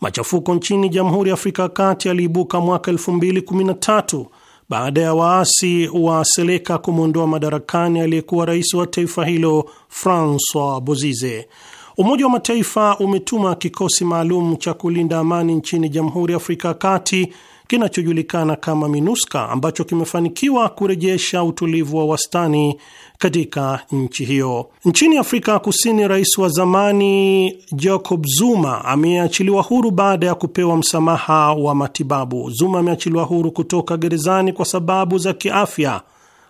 Machafuko nchini Jamhuri ya Afrika ya Kati yaliibuka mwaka 2013 baada ya waasi wa Seleka kumwondoa madarakani aliyekuwa rais wa taifa hilo Francois Bozize. Umoja wa Mataifa umetuma kikosi maalum cha kulinda amani nchini Jamhuri ya Afrika ya Kati kinachojulikana kama minuska ambacho kimefanikiwa kurejesha utulivu wa wastani katika nchi hiyo. Nchini Afrika Kusini, rais wa zamani Jacob Zuma ameachiliwa huru baada ya kupewa msamaha wa matibabu. Zuma ameachiliwa huru kutoka gerezani kwa sababu za kiafya,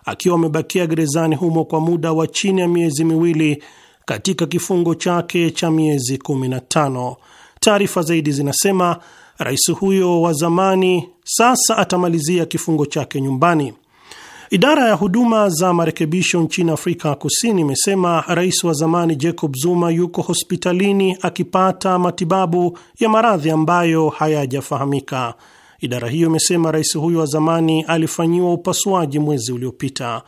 akiwa amebakia gerezani humo kwa muda wa chini ya miezi miwili katika kifungo chake cha miezi 15. Taarifa zaidi zinasema Rais huyo wa zamani sasa atamalizia kifungo chake nyumbani. Idara ya huduma za marekebisho nchini Afrika Kusini imesema rais wa zamani Jacob Zuma yuko hospitalini akipata matibabu ya maradhi ambayo hayajafahamika. Idara hiyo imesema rais huyo wa zamani alifanyiwa upasuaji mwezi uliopita.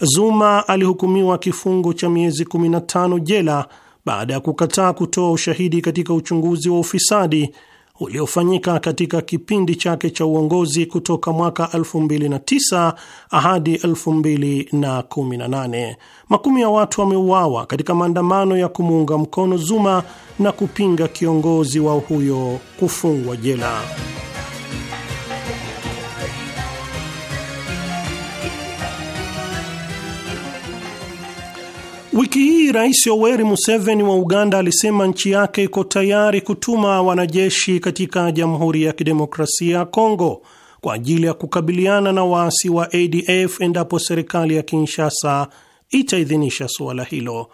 Zuma alihukumiwa kifungo cha miezi 15 jela baada ya kukataa kutoa ushahidi katika uchunguzi wa ufisadi uliofanyika katika kipindi chake cha uongozi kutoka mwaka 2009 hadi 2018. Makumi ya watu wameuawa katika maandamano ya kumuunga mkono Zuma na kupinga kiongozi wao huyo kufungwa jela. Wiki hii Rais Yoweri Museveni wa Uganda alisema nchi yake iko tayari kutuma wanajeshi katika Jamhuri ya Kidemokrasia ya Kongo kwa ajili ya kukabiliana na waasi wa ADF endapo serikali ya Kinshasa itaidhinisha suala hilo.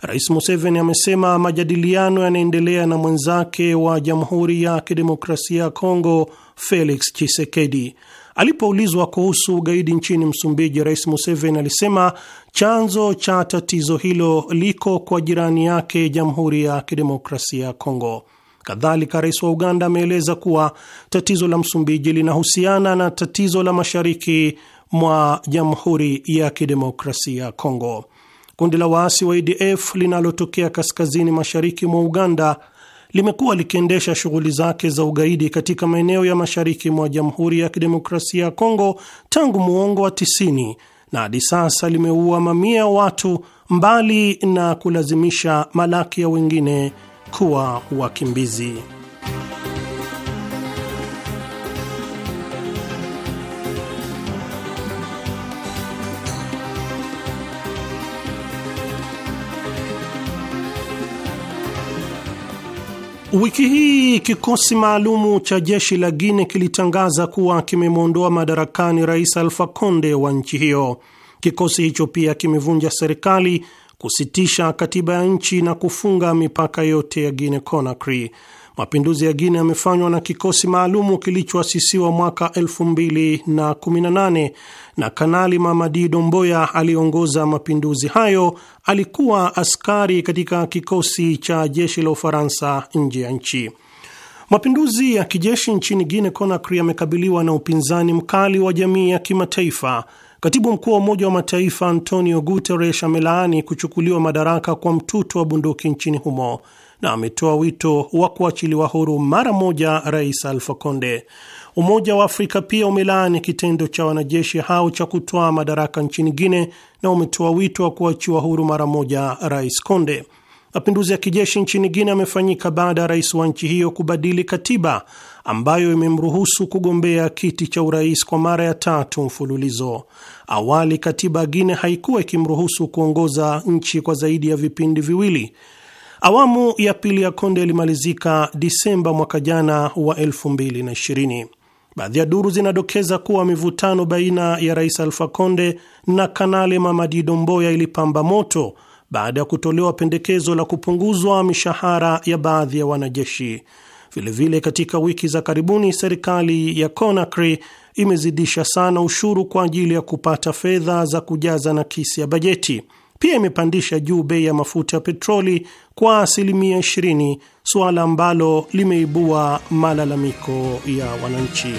Rais Museveni amesema majadiliano yanaendelea na mwenzake wa Jamhuri ya Kidemokrasia ya Kongo Felix Tshisekedi. Alipoulizwa kuhusu ugaidi nchini Msumbiji, Rais Museveni alisema chanzo cha tatizo hilo liko kwa jirani yake Jamhuri ya Kidemokrasia ya Kongo. Kadhalika, rais wa Uganda ameeleza kuwa tatizo la Msumbiji linahusiana na tatizo la mashariki mwa Jamhuri ya Kidemokrasia ya Kongo. Kundi la waasi wa ADF linalotokea kaskazini mashariki mwa Uganda limekuwa likiendesha shughuli zake za ugaidi katika maeneo ya mashariki mwa Jamhuri ya Kidemokrasia ya Kongo tangu muongo wa 90 na hadi sasa limeua mamia ya watu mbali na kulazimisha malaki ya wengine kuwa wakimbizi. Wiki hii kikosi maalumu cha jeshi la Guine kilitangaza kuwa kimemwondoa madarakani rais Alfa Conde wa nchi hiyo. Kikosi hicho pia kimevunja serikali, kusitisha katiba ya nchi na kufunga mipaka yote ya Guine Conakry. Mapinduzi ya Guine yamefanywa na kikosi maalumu kilichoasisiwa mwaka 2018 na Kanali Mamadi Domboya aliongoza mapinduzi hayo, alikuwa askari katika kikosi cha jeshi la Ufaransa nje ya nchi. Mapinduzi ya kijeshi nchini guine Conakry yamekabiliwa na upinzani mkali wa jamii ya kimataifa. Katibu mkuu wa Umoja wa Mataifa Antonio Guterres amelaani kuchukuliwa madaraka kwa mtuto wa bunduki nchini humo na ametoa wito wa kuachiliwa huru mara moja Rais Alfa Conde. Umoja wa Afrika pia umelaani kitendo cha wanajeshi hao cha kutoa madaraka nchi nyingine na umetoa wito wa kuachiwa huru mara moja Rais Konde. Mapinduzi ya kijeshi nchini Guinea yamefanyika baada ya rais wa nchi hiyo kubadili katiba ambayo imemruhusu kugombea kiti cha urais kwa mara ya tatu mfululizo. Awali katiba ya haikuwa ikimruhusu kuongoza nchi kwa zaidi ya vipindi viwili. Awamu ya pili ya Konde ilimalizika Disemba mwaka jana wa 2020. Baadhi ya duru zinadokeza kuwa mivutano baina ya Rais Alfa Konde na Kanale Mamadi Domboya ilipamba moto baada ya kutolewa pendekezo la kupunguzwa mishahara ya baadhi ya wanajeshi. Vilevile vile katika wiki za karibuni serikali ya Conakry imezidisha sana ushuru kwa ajili ya kupata fedha za kujaza nakisi ya bajeti pia imepandisha juu bei ya mafuta ya petroli kwa asilimia 20, suala ambalo limeibua malalamiko ya wananchi.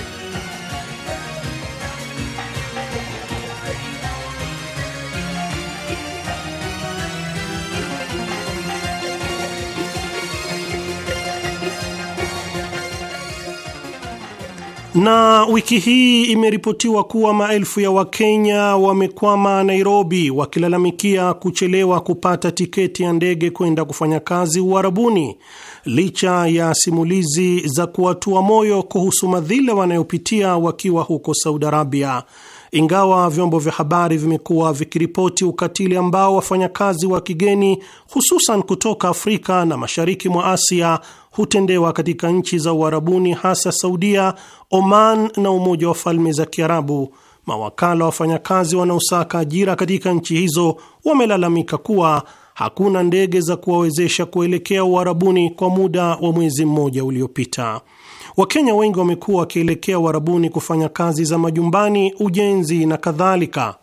Na wiki hii imeripotiwa kuwa maelfu ya Wakenya wamekwama Nairobi wakilalamikia kuchelewa kupata tiketi ya ndege kwenda kufanya kazi Uarabuni licha ya simulizi za kuwatua moyo kuhusu madhila wanayopitia wakiwa huko Saudi Arabia. Ingawa vyombo vya habari vimekuwa vikiripoti ukatili ambao wafanyakazi wa kigeni hususan kutoka Afrika na mashariki mwa Asia hutendewa katika nchi za Uarabuni, hasa Saudia, Oman na Umoja wa Falme za Kiarabu, mawakala wafanyakazi wanaosaka ajira katika nchi hizo wamelalamika kuwa hakuna ndege za kuwawezesha kuelekea Uarabuni kwa muda wa mwezi mmoja uliopita. Wakenya wengi wamekuwa wakielekea warabuni kufanya kazi za majumbani, ujenzi na kadhalika.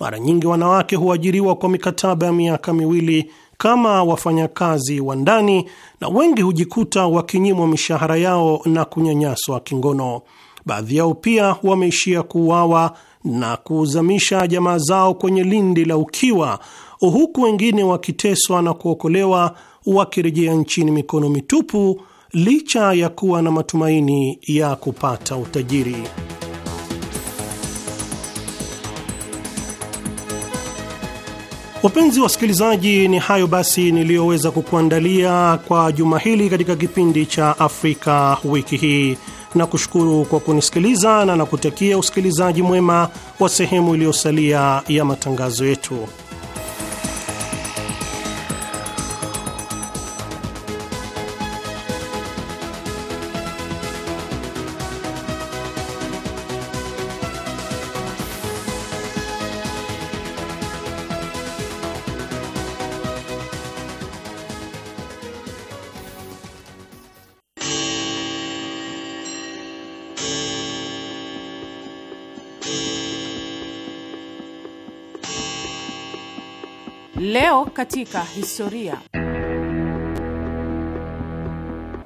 Mara nyingi wanawake huajiriwa kwa mikataba ya miaka miwili kama wafanyakazi wa ndani, na wengi hujikuta wakinyimwa mishahara yao na kunyanyaswa kingono. Baadhi yao pia wameishia kuuawa na kuzamisha jamaa zao kwenye lindi la ukiwa, huku wengine wakiteswa na kuokolewa wakirejea nchini mikono mitupu licha ya kuwa na matumaini ya kupata utajiri. Wapenzi wasikilizaji, ni hayo basi niliyoweza kukuandalia kwa juma hili katika kipindi cha Afrika wiki hii, na kushukuru kwa kunisikiliza na nakutakia usikilizaji mwema wa sehemu iliyosalia ya matangazo yetu. katika historia.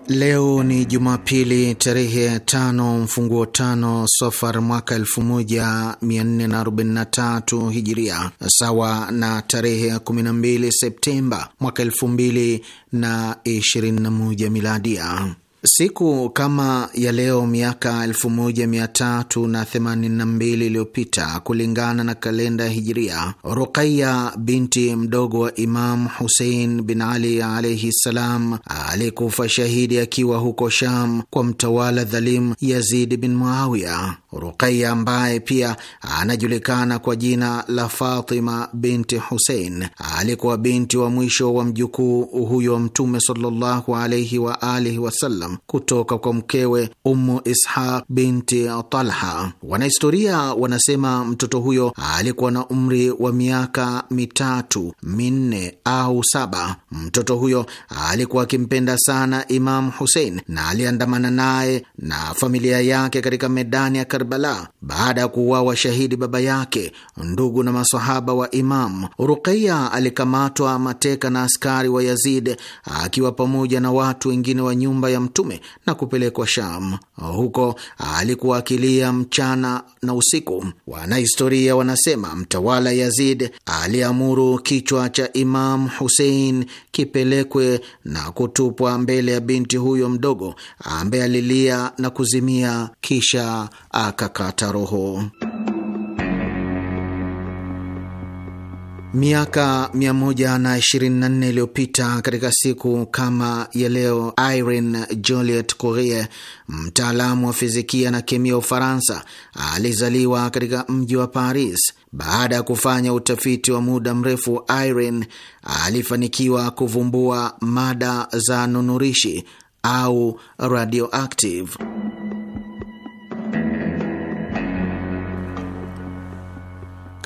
Leo ni Jumapili tarehe ya tano mfunguo tano Sofar mwaka 1443 Hijiria, sawa na tarehe ya 12 Septemba mwaka 2021 Miladia. Siku kama ya leo miaka 1382 iliyopita kulingana na kalenda ya Hijiria, Ruqaya binti mdogo wa Imam Husein bin Ali alaihi ssalam alikufa shahidi akiwa huko Sham kwa mtawala dhalim Yazid bin Muawiya. Ruqaya ambaye pia anajulikana kwa jina la Fatima binti Husein alikuwa binti wa mwisho wa mjukuu huyo wa Mtume sallallahu alaihi wa alihi wasallam kutoka kwa mkewe Ummu Ishaq binti Talha. Wanahistoria wanasema mtoto huyo alikuwa na umri wa miaka mitatu, minne au saba. Mtoto huyo alikuwa akimpenda sana Imamu Husein na aliandamana naye na familia yake katika medani ya Karbala baada ya kuuawa shahidi baba yake, ndugu na masahaba wa Imam. Ruqaya alikamatwa mateka na askari wa Yazid akiwa pamoja na watu wengine wa nyumba ya Mtume na kupelekwa Sham. Huko alikuwa akilia mchana na usiku. Wanahistoria wanasema mtawala Yazid aliamuru kichwa cha Imam Husein kipelekwe na kutupwa mbele ya binti huyo mdogo ambaye alilia na kuzimia kisha akakata roho. Miaka 124 iliyopita katika siku kama ya leo, Irene Joliot Curie, mtaalamu wa fizikia na kemia wa Ufaransa, alizaliwa katika mji wa Paris. Baada ya kufanya utafiti wa muda mrefu, Irene alifanikiwa kuvumbua mada za nunurishi au radioactive.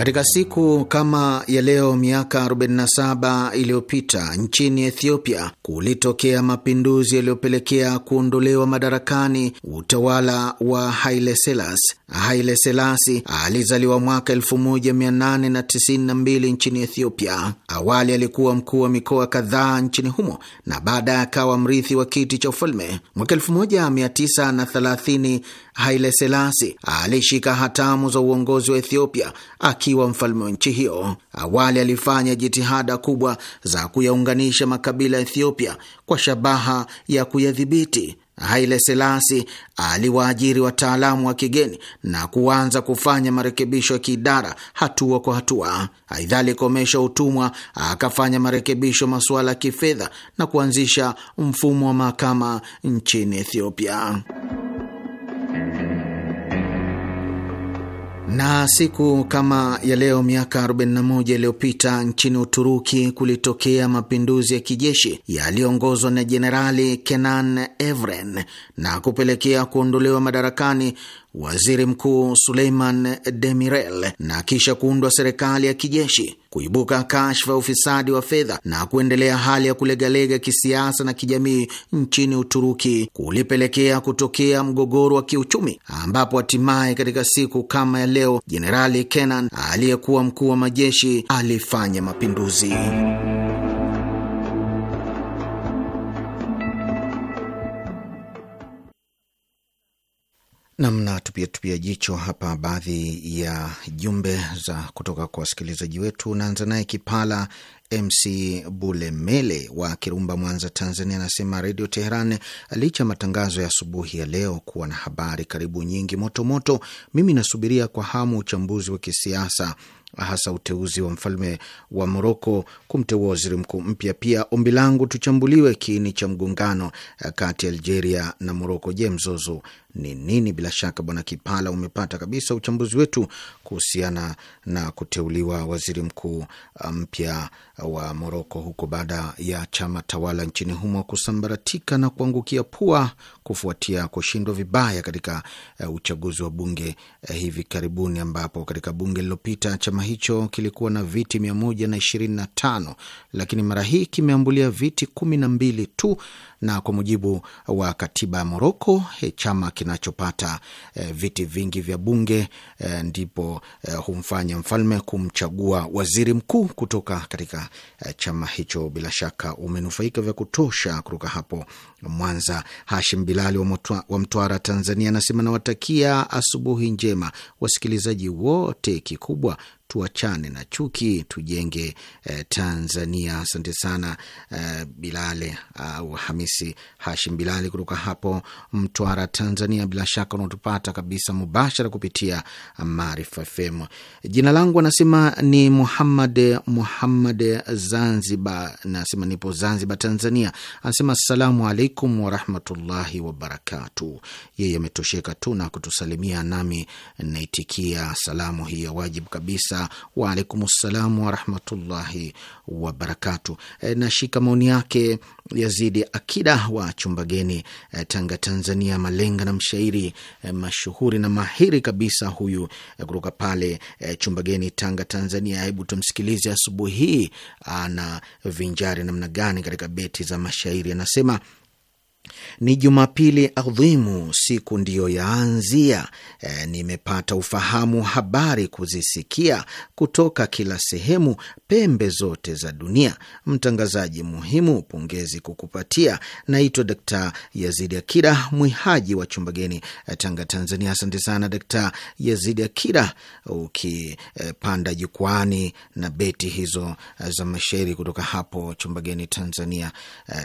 Katika siku kama ya leo miaka 47 iliyopita nchini Ethiopia kulitokea mapinduzi yaliyopelekea kuondolewa madarakani utawala wa Haile Selassie. Haile Selassie alizaliwa mwaka 1892 nchini Ethiopia. Awali alikuwa mkuu wa mikoa kadhaa nchini humo na baadaye akawa mrithi wa kiti cha ufalme. Mwaka 1930 Haile Selassie alishika hatamu za uongozi wa Ethiopia aki akiwa mfalme wa nchi hiyo. Awali alifanya jitihada kubwa za kuyaunganisha makabila ya Ethiopia kwa shabaha ya kuyadhibiti. Haile Selasi aliwaajiri wataalamu wa kigeni na kuanza kufanya marekebisho ya kiidara hatua kwa hatua. Aidha, alikomesha utumwa, akafanya marekebisho masuala ya kifedha na kuanzisha mfumo wa mahakama nchini Ethiopia. Na siku kama ya leo miaka 41 iliyopita nchini Uturuki kulitokea mapinduzi ya kijeshi yaliyoongozwa na Jenerali Kenan Evren na kupelekea kuondolewa madarakani waziri mkuu Suleiman Demirel na kisha kuundwa serikali ya kijeshi, kuibuka kashfa ya ufisadi wa fedha na kuendelea hali ya kulegalega kisiasa na kijamii nchini Uturuki kulipelekea kutokea mgogoro wa kiuchumi, ambapo hatimaye katika siku kama ya leo Jenerali Kenan aliyekuwa mkuu wa majeshi alifanya mapinduzi. Namna tupia tupia jicho hapa baadhi ya jumbe za kutoka kwa wasikilizaji wetu. Naanza naye Kipala MC Bulemele wa Kirumba, Mwanza, Tanzania, anasema Redio Teheran licha matangazo ya asubuhi ya leo kuwa na habari karibu nyingi motomoto moto, mimi nasubiria kwa hamu uchambuzi wa kisiasa hasa uteuzi wa mfalme wa Moroko kumteua waziri mkuu mpya. Pia ombi langu tuchambuliwe kiini cha mgongano eh, kati ya Algeria na Moroko. Je, mzozo ni nini. Bila shaka, Bwana Kipala, umepata kabisa uchambuzi wetu kuhusiana na kuteuliwa waziri mkuu uh, mpya wa Moroko huko baada ya chama tawala nchini humo kusambaratika na kuangukia pua kufuatia kushindwa vibaya katika uh, uchaguzi wa bunge uh, hivi karibuni, ambapo katika bunge lililopita chama hicho kilikuwa na viti mia moja na ishirini na tano lakini mara hii kimeambulia viti kumi na mbili tu, na kwa mujibu wa katiba ya Moroko eh, chama kinachopata eh, viti vingi vya bunge eh, ndipo eh, humfanya mfalme kumchagua waziri mkuu kutoka katika eh, chama hicho. Bila shaka umenufaika vya kutosha kutoka hapo Mwanza. Hashim Bilali wa, wa Mtwara, Tanzania anasema nawatakia asubuhi njema wasikilizaji wote, kikubwa tuachane na chuki, tujenge eh, Tanzania. Asante sana eh, Bilale au uh, Hamisi Hashim Bilali kutoka hapo Mtwara, Tanzania. Bila shaka unatupata kabisa mubashara kupitia Maarifa FM. Jina langu anasema ni Muhammad Muhammad Zanzibar, nasema nipo Zanzibar, Tanzania. Anasema assalamu alaikum warahmatullahi wabarakatu. Yeye ametosheka tu na kutusalimia, nami naitikia salamu hii ya wajibu kabisa baraka. Waalaikumsalam warahmatullahi wabarakatu. E, nashika maoni yake Yazidi Akida wa Chumbageni, e, Tanga, Tanzania, malenga na mshairi e, mashuhuri na mahiri kabisa huyu e, kutoka pale e, Chumbageni, Tanga, Tanzania. Hebu tumsikilize asubuhi hii ana vinjari namna gani katika beti za mashairi. Anasema: ni Jumapili adhimu, siku ndiyo yaanzia. E, nimepata ufahamu habari kuzisikia kutoka kila sehemu, pembe zote za dunia. Mtangazaji muhimu, pongezi kukupatia. Naitwa Dkt Yazidi Akida Mwihaji wa Chumbageni, e, Tanga, Tanzania. Asante sana Dkt Yazidi Akida, ukipanda e, jukwani na beti hizo e, za mashairi kutoka hapo Chumbageni, Tanzania,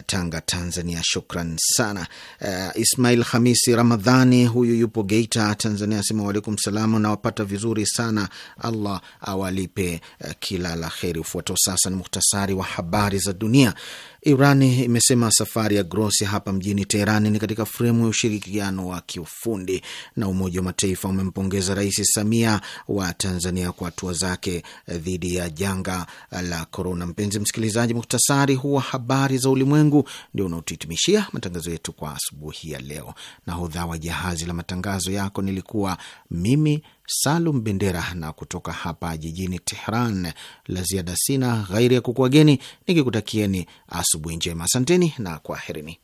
Tanga, Tanzania. Shukran sana sana. Uh, Ismail Hamisi Ramadhani huyu yupo Geita, Tanzania, asema waalaikum salamu, nawapata vizuri sana, Allah awalipe uh, kila la kheri. Ufuatao sasa ni muhtasari wa habari za dunia. Irani imesema safari ya Grossi hapa mjini Teherani ni katika fremu ya ushirikiano wa kiufundi, na Umoja wa Mataifa umempongeza Rais Samia wa Tanzania kwa hatua zake eh, dhidi ya janga eh, la korona. Mpenzi msikilizaji, muktasari huu wa habari za ulimwengu ndio unaotuhitimishia matangazo yetu kwa asubuhi ya leo. Nahodha wa jahazi la matangazo yako nilikuwa mimi Salum Bendera, na kutoka hapa jijini Tehran la ziada sina ghairi ya kukuageni nikikutakieni asubuhi njema. Asanteni na kwaherini.